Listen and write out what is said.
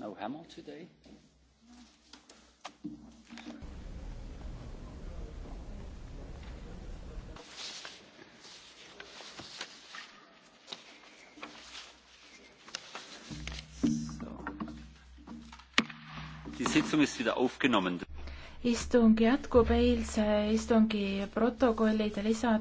No Hamill today? istung jätkub, eilse istungi protokollid ja lisad